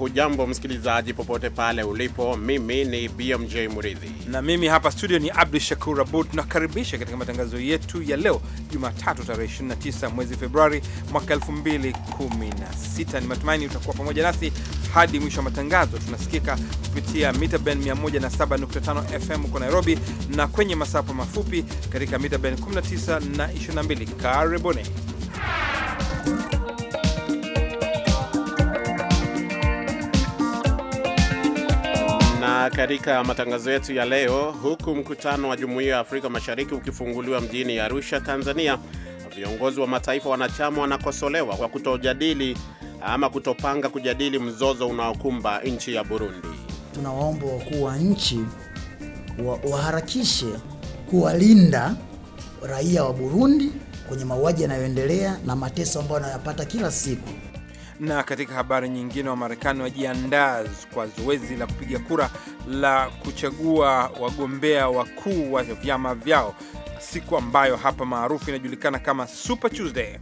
Hujambo msikilizaji, popote pale ulipo. Mimi ni BMJ Muridhi na mimi hapa studio ni Abdu Shakur Abud. Tunakaribisha katika matangazo yetu ya leo Jumatatu tarehe 29 mwezi Februari mwaka 2016. Ni matumaini utakuwa pamoja nasi hadi mwisho wa matangazo. Tunasikika kupitia mita ben 107.5 FM huko Nairobi na kwenye masafa mafupi katika mita ben 19 na 22. Karibuni. katika matangazo yetu ya leo, huku mkutano wa Jumuiya ya Afrika Mashariki ukifunguliwa mjini Arusha, Tanzania, viongozi wa mataifa wanachama wanakosolewa kwa kutojadili ama kutopanga kujadili mzozo unaokumba nchi ya Burundi. Tunawaomba wakuu wa nchi waharakishe kuwalinda raia wa Burundi kwenye mauaji yanayoendelea na mateso ambayo wanayapata kila siku. Na katika habari nyingine, Wamarekani wajiandaa kwa zoezi la kupiga kura la kuchagua wagombea wakuu wa vyama vyao, siku ambayo hapa maarufu inajulikana kama Super Tuesday.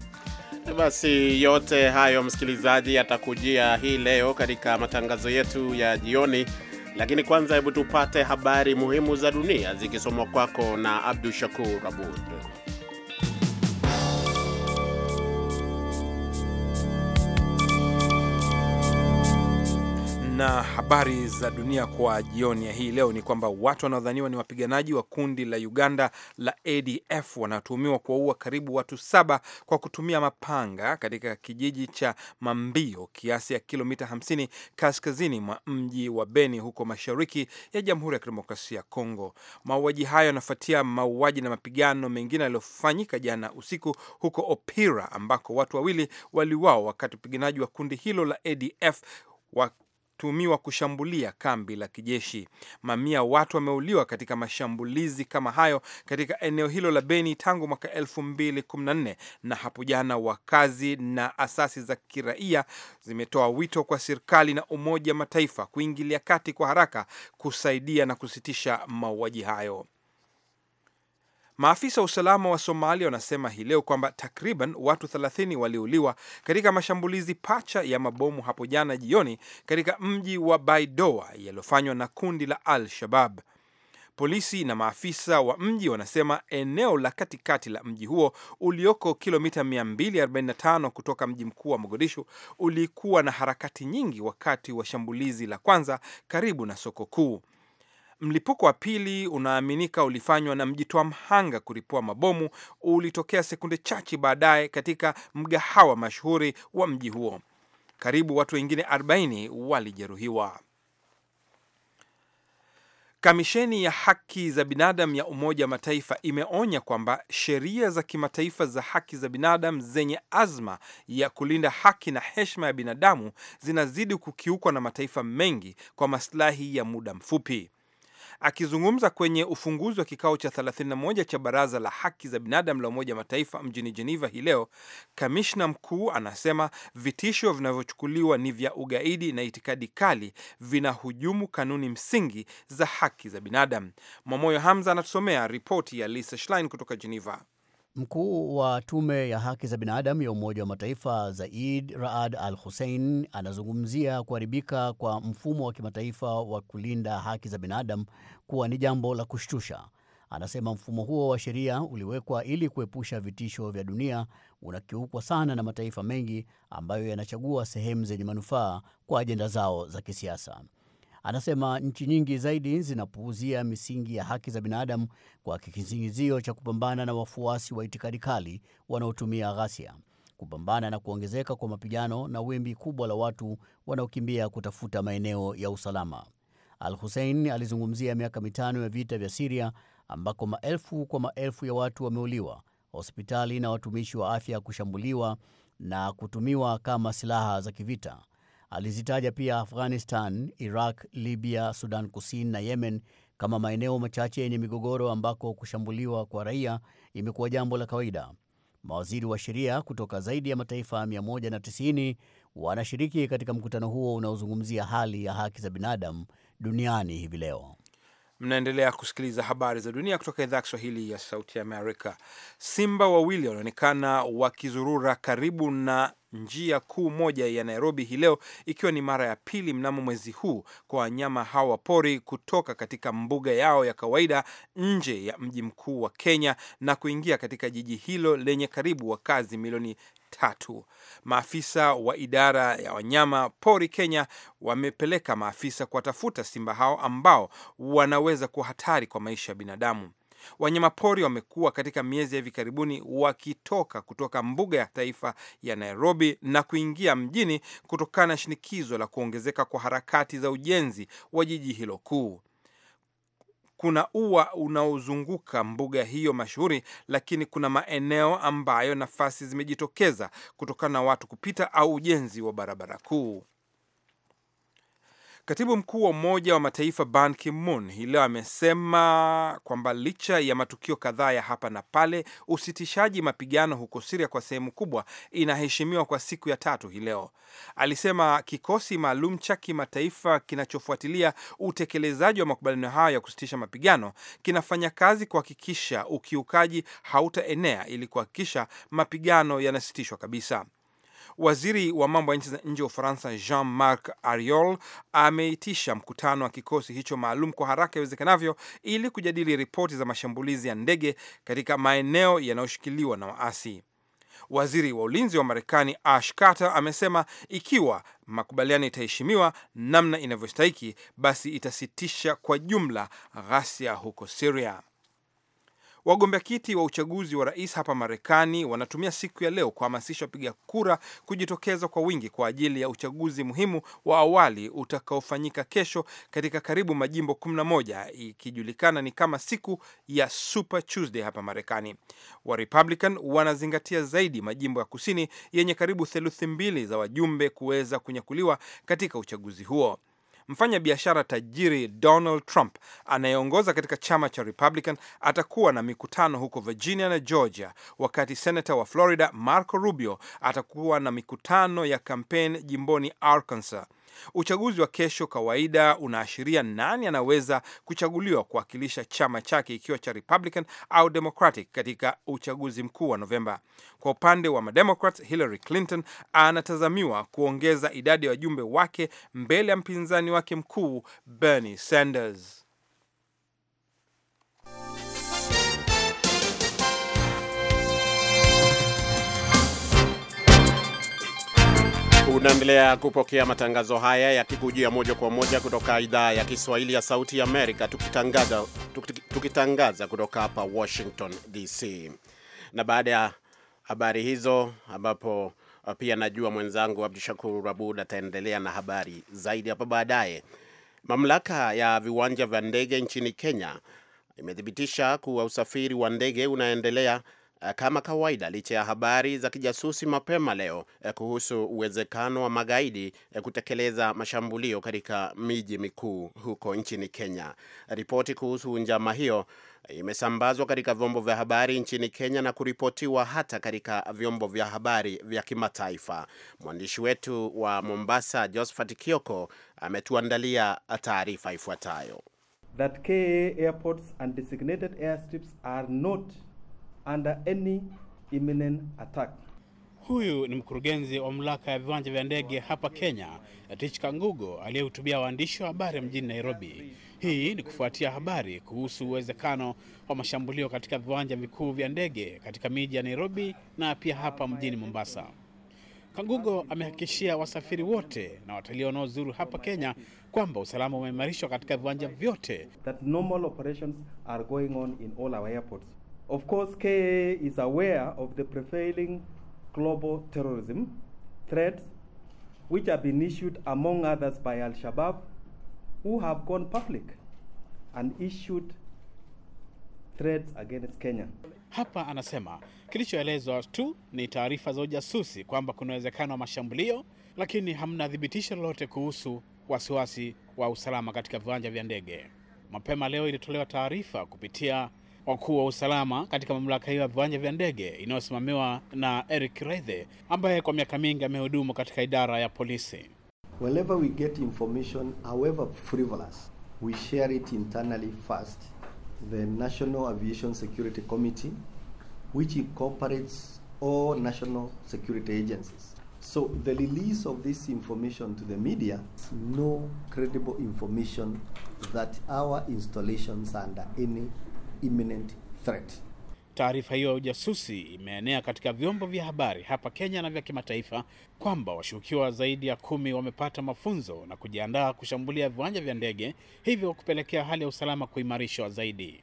Basi yote hayo msikilizaji, yatakujia hii leo katika matangazo yetu ya jioni, lakini kwanza, hebu tupate habari muhimu za dunia zikisomwa kwako na Abdu Shakur Abud. na habari za dunia kwa jioni ya hii leo ni kwamba watu wanaodhaniwa ni wapiganaji wa kundi la Uganda la ADF wanatuhumiwa kuwaua karibu watu saba kwa kutumia mapanga katika kijiji cha Mambio, kiasi ya kilomita 50 kaskazini mwa mji wa Beni, huko mashariki ya Jamhuri ya Kidemokrasia ya Kongo. Mauaji hayo yanafuatia mauaji na mapigano mengine yaliyofanyika jana usiku huko Opira, ambako watu wawili waliuawa wakati wapiganaji wa kundi hilo la ADF wa tuhumiwa kushambulia kambi la kijeshi. Mamia watu wameuliwa katika mashambulizi kama hayo katika eneo hilo la Beni tangu mwaka 2014 na hapo jana, wakazi na asasi za kiraia zimetoa wito kwa serikali na Umoja Mataifa kuingilia kati kwa haraka kusaidia na kusitisha mauaji hayo. Maafisa wa usalama wa Somalia wanasema hii leo kwamba takriban watu 30 waliuliwa katika mashambulizi pacha ya mabomu hapo jana jioni katika mji wa Baidoa yaliyofanywa na kundi la Al-Shabab. Polisi na maafisa wa mji wanasema eneo la katikati la mji huo ulioko kilomita 245 kutoka mji mkuu wa Mogadishu ulikuwa na harakati nyingi wakati wa shambulizi la kwanza karibu na soko kuu. Mlipuko wa pili unaaminika ulifanywa na mjitoa mhanga kuripua mabomu ulitokea sekunde chache baadaye katika mgahawa mashuhuri wa mji huo. Karibu watu wengine 40 walijeruhiwa. Kamisheni ya haki za binadamu ya Umoja wa Mataifa imeonya kwamba sheria za kimataifa za haki za binadamu zenye azma ya kulinda haki na heshima ya binadamu zinazidi kukiukwa na mataifa mengi kwa masilahi ya muda mfupi. Akizungumza kwenye ufunguzi wa kikao cha 31 cha Baraza la Haki za Binadamu la Umoja Mataifa mjini Geneva hii leo, kamishna mkuu anasema vitisho vinavyochukuliwa ni vya ugaidi na itikadi kali vinahujumu kanuni msingi za haki za binadamu. Mwamoyo Hamza anatusomea ripoti ya Lisa Schlein kutoka Geneva. Mkuu wa tume ya haki za binadamu ya Umoja wa Mataifa Zaid Raad Al Hussein anazungumzia kuharibika kwa mfumo wa kimataifa wa kulinda haki za binadamu kuwa ni jambo la kushtusha. Anasema mfumo huo wa sheria uliwekwa ili kuepusha vitisho vya dunia unakiukwa sana na mataifa mengi ambayo yanachagua sehemu zenye manufaa kwa ajenda zao za kisiasa. Anasema nchi nyingi zaidi zinapuuzia misingi ya haki za binadamu kwa kisingizio cha kupambana na wafuasi wa itikadi kali wanaotumia ghasia, kupambana na kuongezeka kwa mapigano na wimbi kubwa la watu wanaokimbia kutafuta maeneo ya usalama. Al-Hussein alizungumzia miaka mitano ya vita vya Siria ambako maelfu kwa maelfu ya watu wameuliwa, hospitali na watumishi wa afya kushambuliwa na kutumiwa kama silaha za kivita. Alizitaja pia Afghanistan, Iraq, Libya, Sudan Kusini na Yemen kama maeneo machache yenye migogoro ambako kushambuliwa kwa raia imekuwa jambo la kawaida. Mawaziri wa sheria kutoka zaidi ya mataifa 190 wanashiriki katika mkutano huo unaozungumzia hali ya haki za binadamu duniani hivi leo. Mnaendelea kusikiliza habari za dunia kutoka idhaa ya Kiswahili ya Sauti Amerika. Simba wawili wanaonekana wakizurura karibu na njia kuu moja ya Nairobi hii leo, ikiwa ni mara ya pili mnamo mwezi huu kwa wanyama hawa wa pori kutoka katika mbuga yao ya kawaida nje ya mji mkuu wa Kenya na kuingia katika jiji hilo lenye karibu wakazi milioni tatu. Maafisa wa idara ya wanyama pori Kenya wamepeleka maafisa kuwatafuta simba hao ambao wanaweza kuwa hatari kwa maisha ya binadamu. Wanyamapori wamekuwa katika miezi ya hivi karibuni wakitoka kutoka mbuga ya taifa ya Nairobi na kuingia mjini kutokana na shinikizo la kuongezeka kwa harakati za ujenzi wa jiji hilo kuu. Kuna ua unaozunguka mbuga hiyo mashuhuri, lakini kuna maeneo ambayo nafasi zimejitokeza kutokana na watu kupita au ujenzi wa barabara kuu. Katibu mkuu wa Umoja wa Mataifa Ban Ki-moon hii leo amesema kwamba licha ya matukio kadhaa ya hapa na pale, usitishaji mapigano huko Siria kwa sehemu kubwa inaheshimiwa kwa siku ya tatu hii leo. Alisema kikosi maalum cha kimataifa kinachofuatilia utekelezaji wa makubaliano hayo ya kusitisha mapigano kinafanya kazi kuhakikisha ukiukaji hautaenea ili kuhakikisha mapigano yanasitishwa kabisa. Waziri wa mambo ya nchi za nje wa Ufaransa Jean-Marc ariol ameitisha mkutano wa kikosi hicho maalum kwa haraka iwezekanavyo ili kujadili ripoti za mashambulizi ya ndege katika maeneo yanayoshikiliwa na waasi. Waziri wa ulinzi wa Marekani Ash Carter amesema ikiwa makubaliano itaheshimiwa namna inavyostahiki, basi itasitisha kwa jumla ghasia huko siria Wagombea kiti wa uchaguzi wa rais hapa Marekani wanatumia siku ya leo kuhamasisha wapiga kura kujitokeza kwa wingi kwa ajili ya uchaguzi muhimu wa awali utakaofanyika kesho katika karibu majimbo 11 ikijulikana ni kama siku ya Super Tuesday hapa Marekani. Wa Republican wanazingatia zaidi majimbo ya kusini yenye karibu theluthi mbili za wajumbe kuweza kunyakuliwa katika uchaguzi huo mfanya biashara tajiri Donald Trump anayeongoza katika chama cha Republican atakuwa na mikutano huko Virginia na Georgia, wakati senata wa Florida Marco Rubio atakuwa na mikutano ya kampeni jimboni Arkansas. Uchaguzi wa kesho kawaida unaashiria nani anaweza kuchaguliwa kuwakilisha chama chake ikiwa cha Republican au Democratic katika uchaguzi mkuu wa Novemba. Kwa upande wa Mademokrat, Hillary Clinton anatazamiwa kuongeza idadi ya wajumbe wake mbele ya mpinzani wake mkuu Bernie Sanders. Unaendelea kupokea matangazo haya yakikujia moja kwa moja kutoka idhaa ya Kiswahili ya Sauti ya Amerika, tukitangaza, tukitangaza kutoka hapa Washington DC. Na baada ya habari hizo, ambapo uh, pia najua mwenzangu Abdu Shakur Abud ataendelea na habari zaidi hapo baadaye. Mamlaka ya viwanja vya ndege nchini Kenya imethibitisha kuwa usafiri wa ndege unaendelea Eh, kama kawaida licha ya habari za kijasusi mapema leo eh, kuhusu uwezekano wa magaidi eh, kutekeleza mashambulio katika miji mikuu huko nchini Kenya. Ripoti kuhusu njama hiyo imesambazwa katika vyombo vya habari nchini Kenya na kuripotiwa hata katika vyombo vya habari vya kimataifa. Mwandishi wetu wa Mombasa, Josephat Kioko, ametuandalia taarifa ifuatayo. That KAA airports and designated airstrips are not under any imminent attack. Huyu ni mkurugenzi wa mamlaka ya viwanja vya ndege hapa Kenya, Tich Kangugo, aliyehutubia waandishi wa habari mjini Nairobi. Hii ni kufuatia habari kuhusu uwezekano wa mashambulio katika viwanja vikuu vya ndege katika miji ya Nairobi na pia hapa mjini Mombasa. Kangugo amehakikishia wasafiri wote na watalii wanaozuru hapa Kenya kwamba usalama umeimarishwa katika viwanja vyote. That normal operations are going on in all our airports. Of course, KAA is aware of the prevailing global terrorism threats which have been issued among others by Al Shabaab, who have gone public and issued threats against Kenya. Hapa anasema kilichoelezwa tu ni taarifa za ujasusi kwamba kuna uwezekano wa mashambulio, lakini hamna thibitisho lolote kuhusu wasiwasi wa usalama katika viwanja vya ndege. Mapema leo ilitolewa taarifa kupitia wakuu wa usalama katika mamlaka hiyo ya viwanja vya ndege inayosimamiwa na Eric Reithe ambaye kwa miaka mingi amehudumu katika idara ya polisi. Whenever we get information however frivolous we share it internally first the National Aviation Security Committee which incorporates all national security agencies so the release of this information to the media no credible information that our installations are under any imminent threat. Taarifa hiyo ya ujasusi imeenea katika vyombo vya habari hapa Kenya na vya kimataifa kwamba washukiwa zaidi ya kumi wamepata mafunzo na kujiandaa kushambulia viwanja vya ndege, hivyo kupelekea hali ya usalama kuimarishwa zaidi.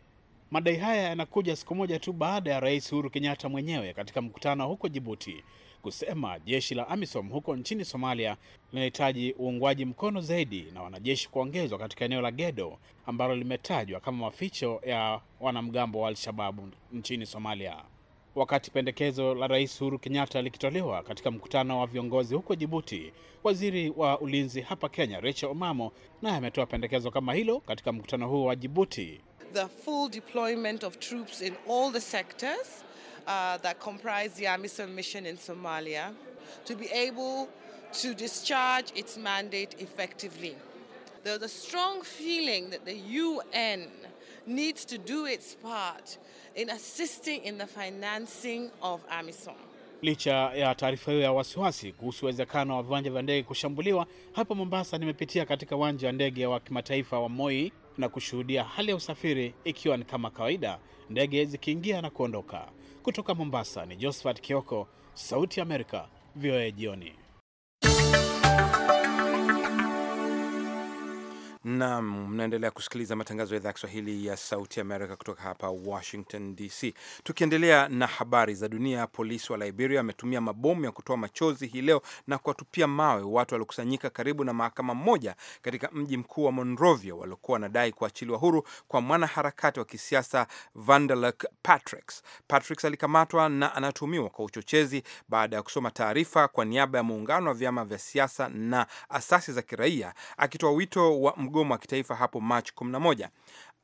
Madai haya yanakuja siku moja tu baada ya Rais Uhuru Kenyatta mwenyewe katika mkutano huko Jibuti kusema jeshi la AMISOM huko nchini Somalia linahitaji uungwaji mkono zaidi na wanajeshi kuongezwa katika eneo la Gedo ambalo limetajwa kama maficho ya wanamgambo wa Al-Shababu nchini Somalia. Wakati pendekezo la Rais Uhuru Kenyatta likitolewa katika mkutano wa viongozi huko Jibuti, waziri wa ulinzi hapa Kenya Rachel Omamo naye ametoa pendekezo kama hilo katika mkutano huo wa Jibuti. The full deployment of troops in all the sectors uh, that comprise the AMISOM mission in Somalia to be able to discharge its mandate effectively. There's a strong feeling that the UN needs to do its part in assisting in the financing of AMISOM. Licha ya taarifa hiyo ya wasiwasi kuhusu uwezekano wa viwanja vya ndege kushambuliwa, hapa Mombasa nimepitia katika uwanja wa ndege wa kimataifa wa Moi na kushuhudia hali ya usafiri ikiwa ni kama kawaida, ndege zikiingia na kuondoka. Kutoka Mombasa ni Josephat Kioko, Sauti ya Amerika, VOA Jioni. Naam, mnaendelea kusikiliza matangazo ya idhaa ya Kiswahili ya Sauti Amerika kutoka hapa Washington DC. Tukiendelea na habari za dunia, polisi wa Liberia wametumia mabomu ya kutoa machozi hii leo na kuwatupia mawe watu waliokusanyika karibu na mahakama moja katika mji mkuu wa Monrovia waliokuwa wanadai kuachiliwa huru kwa mwanaharakati wa kisiasa Vandelak Patricks. Patricks alikamatwa na anatuhumiwa kwa uchochezi baada ya kusoma taarifa kwa niaba ya muungano wa vyama vya siasa na asasi za kiraia akitoa wito wa mgomo wa kitaifa hapo Machi 11.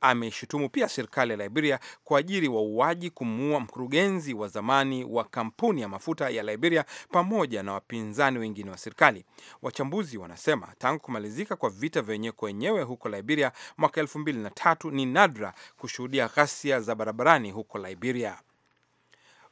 Ameshutumu pia serikali ya Liberia kwa ajili wauaji kumuua mkurugenzi wa zamani wa kampuni ya mafuta ya Liberia pamoja na wapinzani wengine wa serikali. Wachambuzi wanasema tangu kumalizika kwa vita vyenyewe kwenyewe wenyewe huko Liberia mwaka 2003 ni nadra kushuhudia ghasia za barabarani huko Liberia.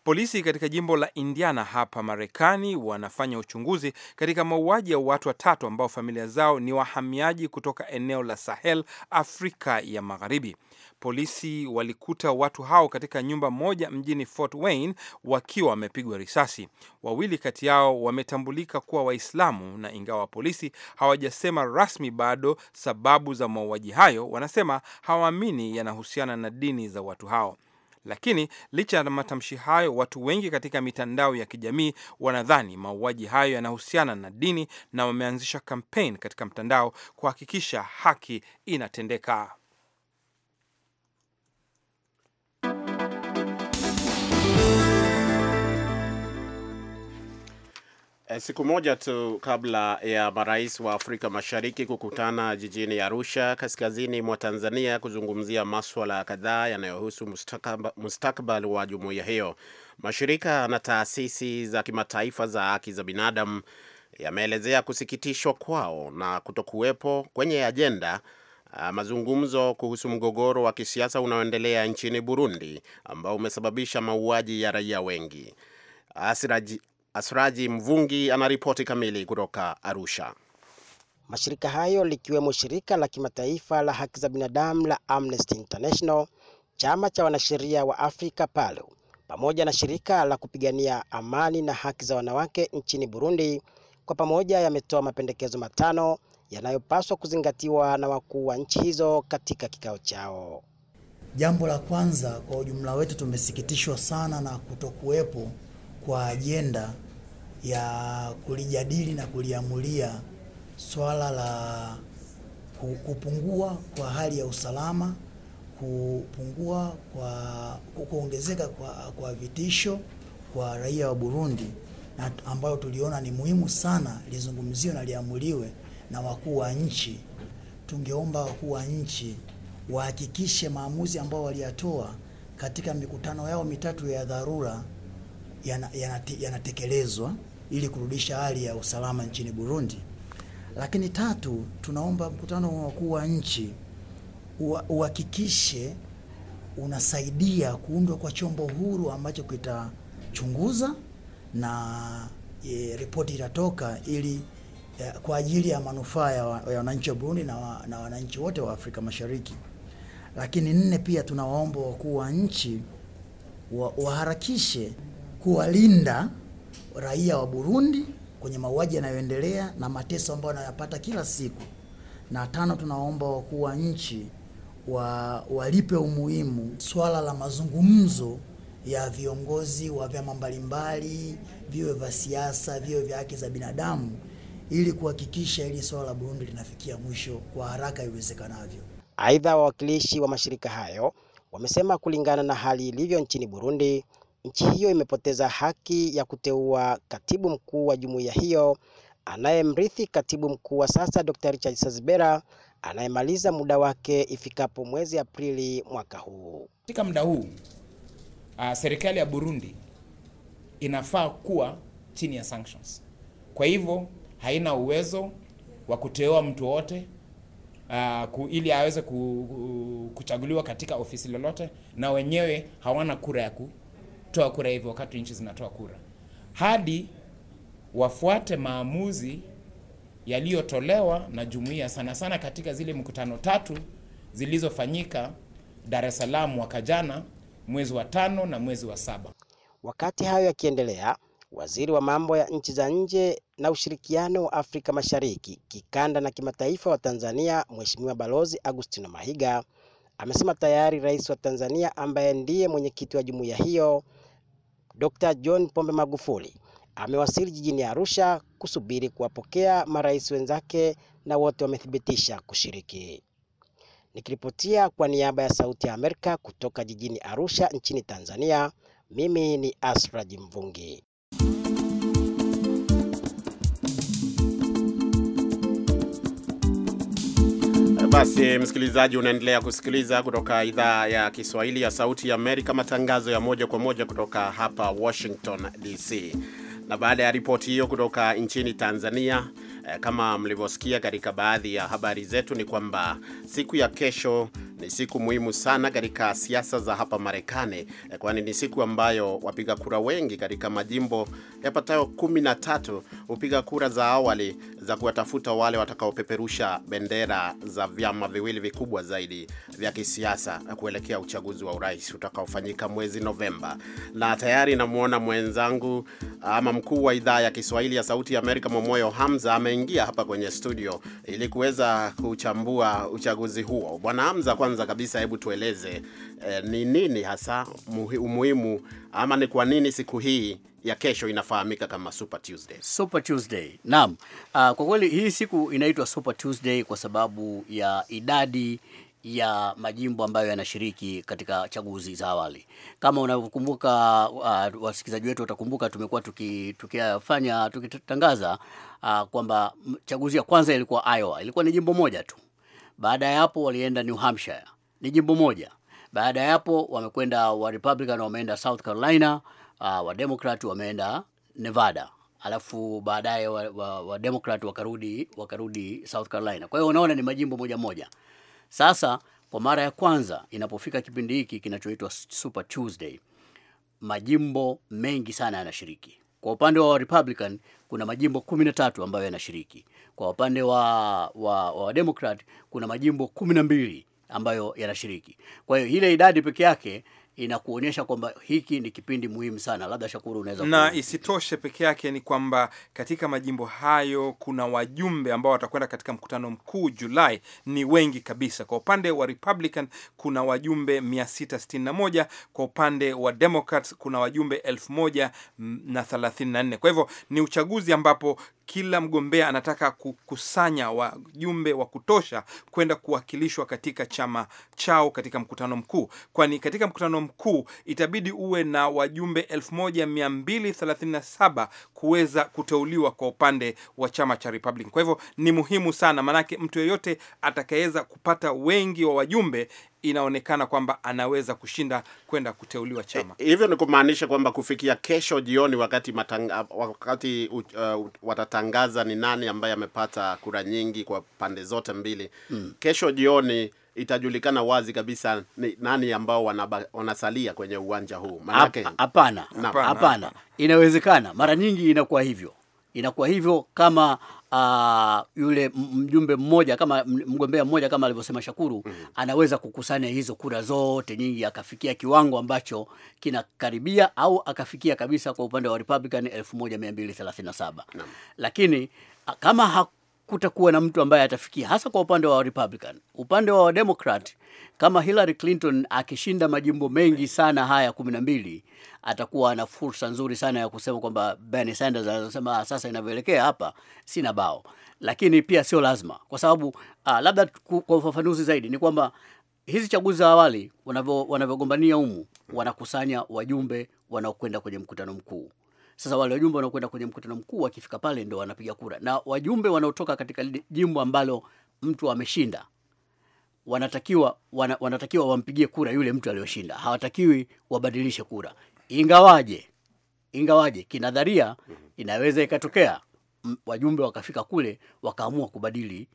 Polisi katika jimbo la Indiana hapa Marekani wanafanya uchunguzi katika mauaji ya watu watatu ambao familia zao ni wahamiaji kutoka eneo la Sahel, Afrika ya Magharibi. Polisi walikuta watu hao katika nyumba moja mjini Fort Wayne wakiwa wamepigwa risasi. Wawili kati yao wametambulika kuwa Waislamu, na ingawa polisi hawajasema rasmi bado sababu za mauaji hayo, wanasema hawaamini yanahusiana na dini za watu hao. Lakini licha ya matamshi hayo, watu wengi katika mitandao ya kijamii wanadhani mauaji hayo yanahusiana na dini na wameanzisha kampeni katika mtandao kuhakikisha haki inatendeka. Eh, siku moja tu kabla ya marais wa Afrika Mashariki kukutana jijini Arusha, kaskazini mwa Tanzania, kuzungumzia maswala kadhaa yanayohusu mustakabali mustakabali wa jumuiya hiyo, mashirika na taasisi za kimataifa za haki za binadamu yameelezea kusikitishwa kwao na kutokuwepo kwenye ajenda ah, mazungumzo kuhusu mgogoro wa kisiasa unaoendelea nchini Burundi ambao umesababisha mauaji ya raia wengi. Asraji Mvungi anaripoti kamili kutoka Arusha. Mashirika hayo likiwemo shirika la kimataifa la haki za binadamu la Amnesty International, chama cha wanasheria wa Afrika PALU, pamoja na shirika la kupigania amani na haki za wanawake nchini Burundi, kwa pamoja yametoa mapendekezo matano yanayopaswa kuzingatiwa na wakuu wa nchi hizo katika kikao chao. Jambo la kwanza, kwa ujumla wetu tumesikitishwa sana na kutokuwepo kwa ajenda ya kulijadili na kuliamulia swala la kupungua kwa hali ya usalama, kupungua kwa kuongezeka kwa, kwa vitisho kwa raia wa Burundi na ambayo tuliona ni muhimu sana lizungumziwe na liamuliwe na wakuu wa nchi. Tungeomba wakuu wa nchi wahakikishe maamuzi ambayo waliyatoa katika mikutano yao mitatu ya dharura yanatekelezwa yana, yana ili kurudisha hali ya usalama nchini Burundi. Lakini tatu, tunaomba mkutano wa wakuu wa nchi uhakikishe unasaidia kuundwa kwa chombo huru ambacho kitachunguza na e, ripoti itatoka ili e, kwa ajili ya manufaa ya wananchi wa Burundi na, wa, na wananchi wote wa Afrika Mashariki. Lakini nne, pia tunawaomba wakuu wa nchi waharakishe kuwalinda raia wa Burundi kwenye mauaji yanayoendelea na mateso ambayo wanayapata kila siku. Na tano, tunaomba wakuu wa nchi wa walipe umuhimu swala la mazungumzo ya viongozi wa vyama mbalimbali, viwe vya siasa, viwe vya haki za binadamu, ili kuhakikisha hili swala la Burundi linafikia mwisho kwa haraka iwezekanavyo. Aidha, wawakilishi wa mashirika hayo wamesema kulingana na hali ilivyo nchini Burundi nchi hiyo imepoteza haki ya kuteua katibu mkuu wa jumuiya hiyo anayemrithi katibu mkuu wa sasa Dr. Richard Sazibera anayemaliza muda wake ifikapo mwezi Aprili mwaka huu. Katika muda huu uh, serikali ya Burundi inafaa kuwa chini ya sanctions. Kwa hivyo haina uwezo wa kuteua mtu wote uh, ili aweze kuchaguliwa katika ofisi lolote, na wenyewe hawana kura ya ku toa kura hivyo wakati nchi zinatoa kura, hadi wafuate maamuzi yaliyotolewa na jumuiya, sana sana katika zile mkutano tatu zilizofanyika Dar es Salaam mwaka jana mwezi wa tano na mwezi wa saba. Wakati hayo yakiendelea, waziri wa mambo ya nchi za nje na ushirikiano wa Afrika Mashariki, kikanda na kimataifa wa Tanzania, Mheshimiwa Balozi Augustino Mahiga amesema tayari Rais wa Tanzania ambaye ndiye mwenyekiti wa jumuiya hiyo Dr. John Pombe Magufuli amewasili jijini Arusha kusubiri kuwapokea marais wenzake na wote wamethibitisha kushiriki. Nikiripotia kwa niaba ya Sauti ya Amerika kutoka jijini Arusha nchini Tanzania, mimi ni Asra Mvungi. Basi msikilizaji, unaendelea kusikiliza kutoka idhaa ya Kiswahili ya Sauti ya Amerika, matangazo ya moja kwa moja kutoka hapa Washington DC. Na baada ya ripoti hiyo kutoka nchini Tanzania, eh, kama mlivyosikia katika baadhi ya habari zetu, ni kwamba siku ya kesho ni siku muhimu sana katika siasa za hapa Marekani, eh, kwani ni siku ambayo wapiga kura wengi katika majimbo yapatayo 13 na hupiga kura za awali za kuwatafuta wale watakaopeperusha bendera za vyama viwili vikubwa zaidi vya kisiasa kuelekea uchaguzi wa urais utakaofanyika mwezi Novemba. Na tayari namwona mwenzangu ama mkuu wa idhaa ya Kiswahili ya Sauti ya Amerika, Momoyo Hamza ameingia hapa kwenye studio ili kuweza kuchambua uchaguzi huo. Bwana Hamza, kwanza kabisa, hebu tueleze eh, ni nini hasa umuhimu ama ni kwa nini siku hii ya kesho inafahamika kama Super Tuesday. Super Tuesday. Naam. Uh, kwa kweli hii siku inaitwa Super Tuesday kwa sababu ya idadi ya majimbo ambayo yanashiriki katika chaguzi za awali. Kama unavyokumbuka, uh, wasikilizaji wetu watakumbuka, tumekuwa tukifanya tuki tukitangaza uh, kwamba chaguzi ya kwanza ilikuwa Iowa, ilikuwa ni jimbo moja tu. Baada ya hapo walienda New Hampshire, ni jimbo moja. Baada ya hapo wamekwenda wa Republican wameenda South Carolina uh, ah, wademokrat wameenda Nevada alafu baadaye wademokrat wa, wa wakarudi wakarudi South Carolina. Kwa hiyo unaona ni majimbo moja moja. Sasa kwa mara ya kwanza inapofika kipindi hiki kinachoitwa Super Tuesday, majimbo mengi sana yanashiriki. Kwa upande wa Republican kuna majimbo kumi na tatu ambayo yanashiriki. Kwa upande wa, wa, wa Democrat kuna majimbo kumi na mbili ambayo yanashiriki. Kwa hiyo ile idadi peke yake inakuonyesha kwamba hiki ni kipindi muhimu sana. Labda Shakuru unaweza na isitoshe peke yake ni kwamba katika majimbo hayo kuna wajumbe ambao watakwenda katika mkutano mkuu Julai, ni wengi kabisa. Kwa upande wa Republican kuna wajumbe 661, kwa upande wa Democrats kuna wajumbe 1034. Kwa hivyo ni uchaguzi ambapo kila mgombea anataka kukusanya wajumbe wa kutosha kwenda kuwakilishwa katika chama chao katika mkutano mkuu, kwani katika mkutano mkuu mkuu itabidi uwe na wajumbe 1237 kuweza kuteuliwa kwa upande wa chama cha Republican. Kwa hivyo ni muhimu sana, maanake mtu yeyote atakayeweza kupata wengi wa wajumbe inaonekana kwamba anaweza kushinda kwenda kuteuliwa chama. Eh, hivyo ni kumaanisha kwamba kufikia kesho jioni, wakati matanga, wakati uh, watatangaza ni nani ambaye amepata kura nyingi kwa pande zote mbili mm. Kesho jioni itajulikana wazi kabisa ni nani ambao wanaba, wanasalia kwenye uwanja huu. Manake hapana, hapana, inawezekana mara nyingi inakuwa hivyo, inakuwa hivyo kama uh, yule mjumbe mmoja kama mgombea mmoja kama alivyosema Shakuru mm -hmm. anaweza kukusanya hizo kura zote nyingi akafikia kiwango ambacho kinakaribia au akafikia kabisa kwa upande wa Republican 1237 mm -hmm. lakini ah, kama kutakuwa na mtu ambaye atafikia, hasa kwa upande wa Republican. Upande wa Democrat, kama Hillary Clinton akishinda majimbo mengi sana haya kumi na mbili, atakuwa ana fursa nzuri sana ya kusema kwamba Bernie Sanders anasema ah, sasa inavyoelekea hapa sina bao, lakini pia sio lazima, kwa sababu uh, labda kwa ufafanuzi zaidi ni kwamba hizi chaguzi za awali wanavyogombania humu wanakusanya wajumbe wanaokwenda kwenye mkutano mkuu. Sasa wale wajumbe wanaokwenda kwenye mkutano mkuu wakifika pale ndo wanapiga kura, na wajumbe wanaotoka katika jimbo ambalo mtu ameshinda wanatakiwa wana, wanatakiwa wampigie kura yule mtu aliyoshinda, hawatakiwi wabadilishe kura. Ingawaje ingawaje kinadharia mhm. inaweza ikatokea wajumbe wakafika kule wakaamua kubadili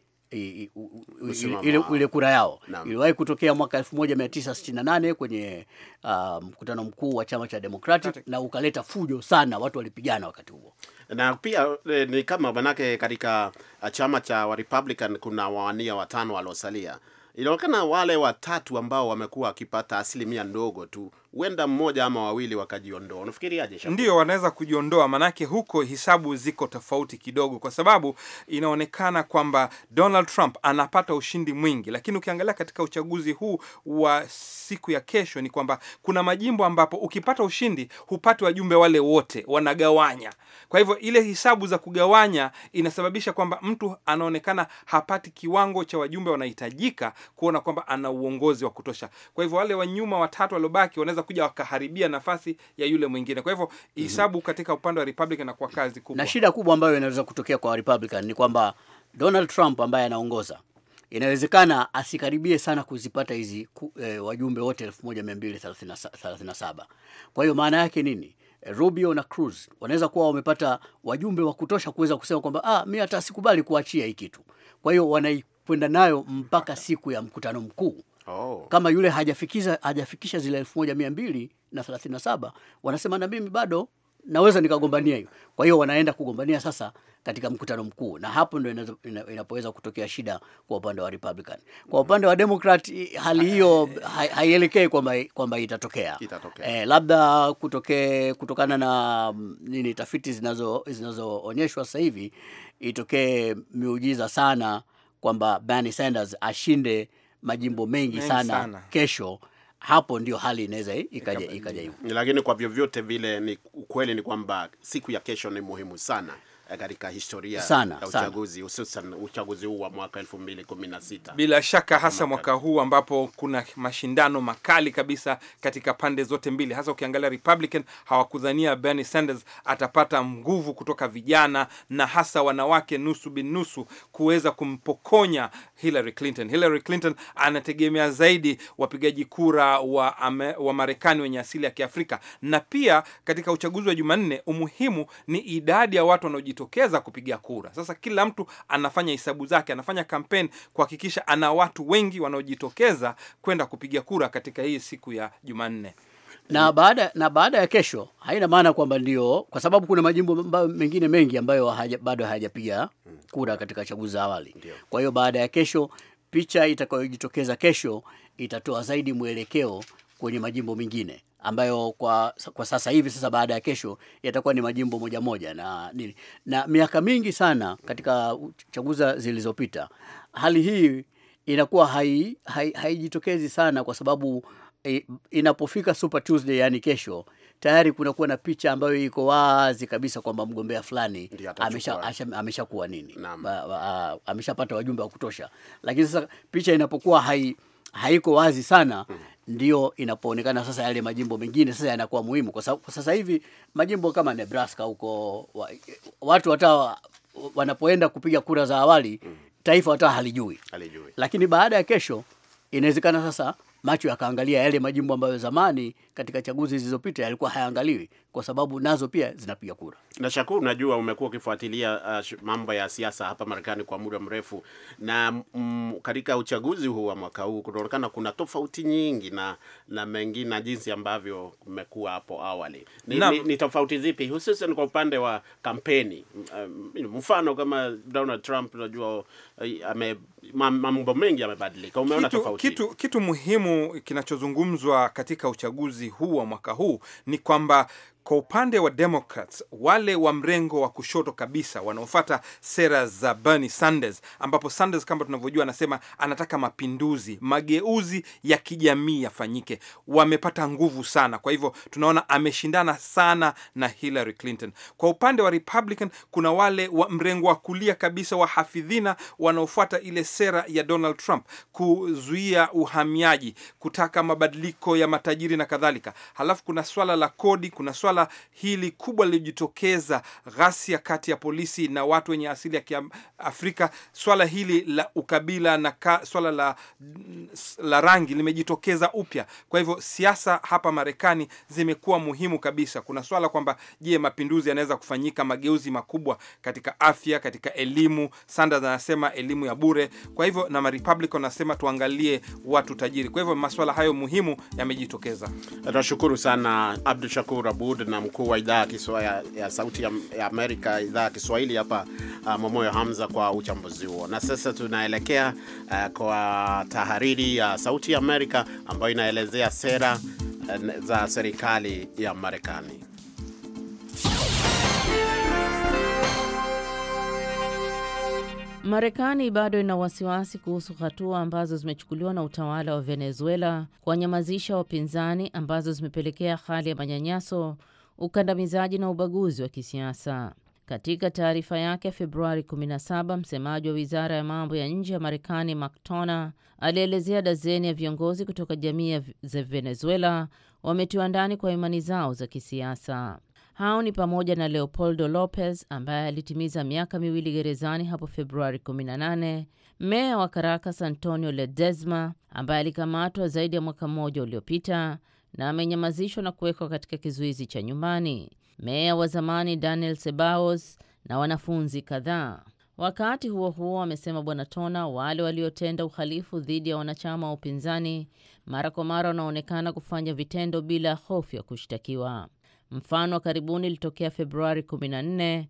ile, kura yao iliwahi kutokea mwaka 1968 kwenye uh, mkutano um, mkuu wa chama cha Democratic Pratic. Na ukaleta fujo sana, watu walipigana wakati huo, na pia eh, ni kama manake katika uh, chama cha wa Republican kuna wawania watano waliosalia, inaonekana wale watatu ambao wamekuwa wakipata asilimia ndogo tu huenda mmoja ama wawili wakajiondoa. Unafikiriaje? Ndio, wanaweza kujiondoa, manake huko hisabu ziko tofauti kidogo, kwa sababu inaonekana kwamba Donald Trump anapata ushindi mwingi, lakini ukiangalia katika uchaguzi huu wa siku ya kesho ni kwamba kuna majimbo ambapo ukipata ushindi hupati wajumbe wale wote, wanagawanya. Kwa hivyo ile hisabu za kugawanya inasababisha kwamba mtu anaonekana hapati kiwango cha wajumbe wanahitajika kuona kwamba ana uongozi wa kutosha. Kwa hivyo wale wanyuma watatu waliobaki wanaweza watakuja wakaharibia nafasi ya yule mwingine. Kwa hivyo hisabu mhm. katika upande wa Republican inakuwa kazi kubwa, na shida kubwa ambayo inaweza kutokea kwa Republican ni kwamba Donald Trump ambaye anaongoza inawezekana asikaribie sana kuzipata hizi e, wajumbe wote 1237. Kwa hiyo maana yake nini? E, Rubio na Cruz wanaweza kuwa wamepata wajumbe wa kutosha kuweza kusema kwamba ah, mimi hata sikubali kuachia hii kitu. Kwa hiyo wanaikwenda nayo mpaka siku ya mkutano mkuu oh. Kama yule hajafikisha, hajafikisha zile elfu moja mia mbili na thelathini na saba wanasema na mimi bado naweza nikagombania hiyo. Kwa hiyo wanaenda kugombania sasa katika mkutano mkuu, na hapo ndo inapoweza kutokea shida kwa upande wa Republican. Kwa upande wa Democrat hali ah, hiyo eh, eh. haielekei kwamba itatokea, itatokea. Eh, labda kutokee kutokana na mm, nini tafiti zinazoonyeshwa sasa hivi itokee miujiza sana kwamba Bernie Sanders ashinde majimbo mengi, mengi sana, sana kesho hapo ndio hali inaweza ikaja hivyo, lakini kwa vyovyote vile ni ukweli ni kwamba siku ya kesho ni muhimu sana katika historia sana, ya uchaguzi hususan uchaguzi huu wa mwaka 2016 bila shaka, hasa mwaka huu ambapo kuna mashindano makali kabisa katika pande zote mbili, hasa ukiangalia Republican hawakudhania Bernie Sanders atapata nguvu kutoka vijana na hasa wanawake nusu binusu kuweza kumpokonya Hillary Clinton. Hillary Clinton anategemea zaidi wapigaji kura wa, ame, wa Marekani wenye asili ya Kiafrika, na pia katika uchaguzi wa Jumanne umuhimu ni idadi ya watu wanaoji wamejitokeza kupiga kura. Sasa kila mtu anafanya hesabu zake, anafanya kampeni kuhakikisha ana watu wengi wanaojitokeza kwenda kupiga kura katika hii siku ya Jumanne na baada na baada ya kesho, haina maana kwamba ndio, kwa sababu kuna majimbo mengine mengi ambayo haja, bado hayajapiga kura katika chaguzi za awali. Kwa hiyo baada ya kesho, picha itakayojitokeza kesho itatoa zaidi mwelekeo kwenye majimbo mengine ambayo kwa, kwa sasa hivi sasa baada ya kesho yatakuwa ni majimbo moja moja na nini. Na miaka mingi sana katika chaguzi zilizopita hali hii inakuwa haijitokezi hai, hai sana kwa sababu e, inapofika Super Tuesday, yani kesho tayari kunakuwa na picha ambayo iko wazi kabisa kwamba mgombea fulani ameshakuwa amesha nini ameshapata wajumbe wa kutosha, lakini sasa picha inapokuwa hai haiko wazi sana hmm. Ndio inapoonekana sasa yale majimbo mengine sasa yanakuwa muhimu, kwa sababu sasa hivi majimbo kama Nebraska huko wa, watu hata wanapoenda kupiga kura za awali hmm. taifa hata halijui. Halijui, lakini baada ya kesho inawezekana sasa macho yakaangalia yale majimbo ambayo zamani katika chaguzi zilizopita yalikuwa hayaangaliwi, kwa sababu nazo pia zinapiga kura. Na Shakuru, najua umekuwa ukifuatilia uh, mambo ya siasa hapa Marekani kwa muda mrefu, na mm, katika uchaguzi huu wa mwaka huu kunaonekana kuna tofauti nyingi na na mengine na jinsi ambavyo kumekuwa hapo awali. Ni, ni, ni tofauti zipi hususan kwa upande wa kampeni? Um, mfano kama Donald Trump unajua, uh, ame mambo mengi yamebadilika, umeona tofauti. Kitu, kitu muhimu kinachozungumzwa katika uchaguzi huu wa mwaka huu ni kwamba kwa upande wa Democrats, wale wa mrengo wa kushoto kabisa wanaofuata sera za Bernie Sanders, ambapo Sanders kama tunavyojua anasema anataka mapinduzi, mageuzi ya kijamii yafanyike, wamepata nguvu sana. Kwa hivyo tunaona ameshindana sana na Hillary Clinton. Kwa upande wa Republican, kuna wale wa mrengo wa kulia kabisa wa hafidhina wanaofuata ile sera ya Donald Trump, kuzuia uhamiaji, kutaka mabadiliko ya matajiri na kadhalika. Halafu kuna swala la kodi, kuna swala swala hili kubwa lilijitokeza, ghasia kati ya polisi na watu wenye asili ya Afrika, swala hili la ukabila na ka, swala la, la rangi limejitokeza upya. Kwa hivyo siasa hapa Marekani zimekuwa muhimu kabisa. Kuna swala kwamba je, mapinduzi yanaweza kufanyika, mageuzi makubwa katika afya, katika elimu. Sanders anasema elimu ya bure. Kwa hivyo na Republican anasema tuangalie watu tajiri. Kwa hivyo maswala hayo muhimu yamejitokeza. Tunashukuru sana Abdul Shakur Abud na mkuu wa idhaa ya, ya Sauti ya, ya Amerika idhaa ya Kiswahili hapa uh, Momoyo Hamza kwa uchambuzi huo. Na sasa tunaelekea uh, kwa tahariri ya Sauti ya Amerika ambayo inaelezea sera uh, za serikali ya Marekani. Marekani bado ina wasiwasi kuhusu hatua ambazo zimechukuliwa na utawala wa Venezuela kuwanyamazisha wapinzani ambazo zimepelekea hali ya manyanyaso ukandamizaji na ubaguzi wa kisiasa. Katika taarifa yake Februari 17, msemaji wa wizara ya mambo ya nje ya Marekani Mactona alielezea dazeni ya viongozi kutoka jamii za Venezuela wametiwa ndani kwa imani zao za kisiasa. Hao ni pamoja na Leopoldo Lopez ambaye alitimiza miaka miwili gerezani hapo Februari 18, meya wa Caracas Antonio ledesma ambaye alikamatwa zaidi ya mwaka mmoja uliopita na amenyamazishwa na kuwekwa katika kizuizi cha nyumbani. Meya wa zamani Daniel Sebaos na wanafunzi kadhaa. Wakati huo huo, amesema bwana Tona, wale waliotenda uhalifu dhidi ya wanachama wa upinzani mara kwa mara wanaonekana kufanya vitendo bila hofu ya kushtakiwa. Mfano wa karibuni ilitokea Februari 14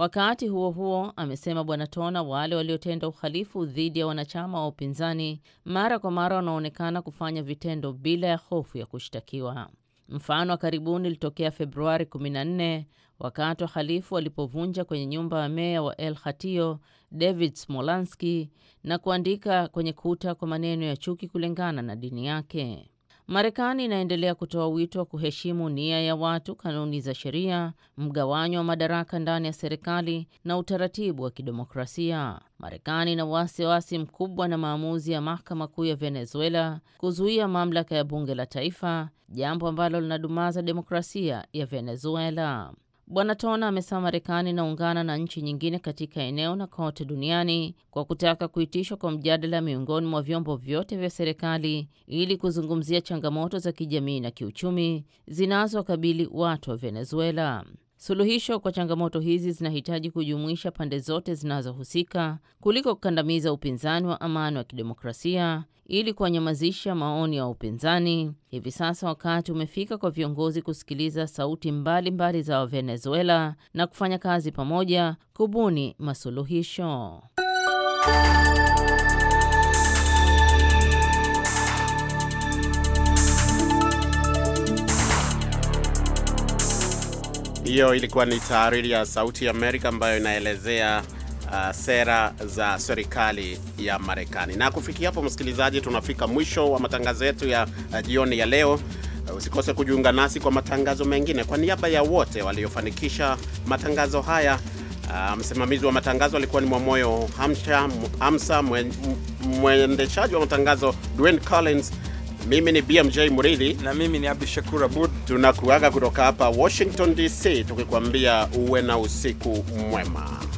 Wakati huo huo, amesema Bwana Tona wale waliotenda uhalifu dhidi ya wanachama wa upinzani mara kwa mara wanaonekana kufanya vitendo bila ya hofu ya kushtakiwa. Mfano wa karibuni ilitokea Februari 14 wakati wahalifu walipovunja kwenye nyumba ya meya wa El Hatio David Smolanski na kuandika kwenye kuta kwa maneno ya chuki kulingana na dini yake. Marekani inaendelea kutoa wito wa kuheshimu nia ya watu, kanuni za sheria, mgawanyo wa madaraka ndani ya serikali na utaratibu wa kidemokrasia. Marekani ina wasiwasi mkubwa na maamuzi ya mahakama kuu ya Venezuela kuzuia mamlaka ya bunge la taifa, jambo ambalo linadumaza demokrasia ya Venezuela. Bwana Tona amesema Marekani inaungana na nchi nyingine katika eneo na kote duniani kwa kutaka kuitishwa kwa mjadala miongoni mwa vyombo vyote vya serikali ili kuzungumzia changamoto za kijamii na kiuchumi zinazowakabili watu wa Venezuela. Suluhisho kwa changamoto hizi zinahitaji kujumuisha pande zote zinazohusika kuliko kukandamiza upinzani wa amani wa kidemokrasia ili kuwanyamazisha maoni ya upinzani. Hivi sasa wakati umefika kwa viongozi kusikiliza sauti mbalimbali mbali za Wavenezuela na kufanya kazi pamoja kubuni masuluhisho. Hiyo ilikuwa ni tahariri ya Sauti ya Amerika ambayo inaelezea uh, sera za serikali ya Marekani. Na kufikia hapo, msikilizaji, tunafika mwisho wa matangazo yetu ya uh, jioni ya leo. Uh, usikose kujiunga nasi kwa matangazo mengine. Kwa niaba ya wote waliofanikisha matangazo haya, uh, msimamizi wa matangazo alikuwa ni Mwamoyo Hamsa, mwendeshaji wa matangazo Dwayne Collins. Mimi ni BMJ Muridhi na mimi ni Abdu Shakur Abud, tunakuaga kutoka hapa Washington DC, tukikwambia uwe na usiku mwema.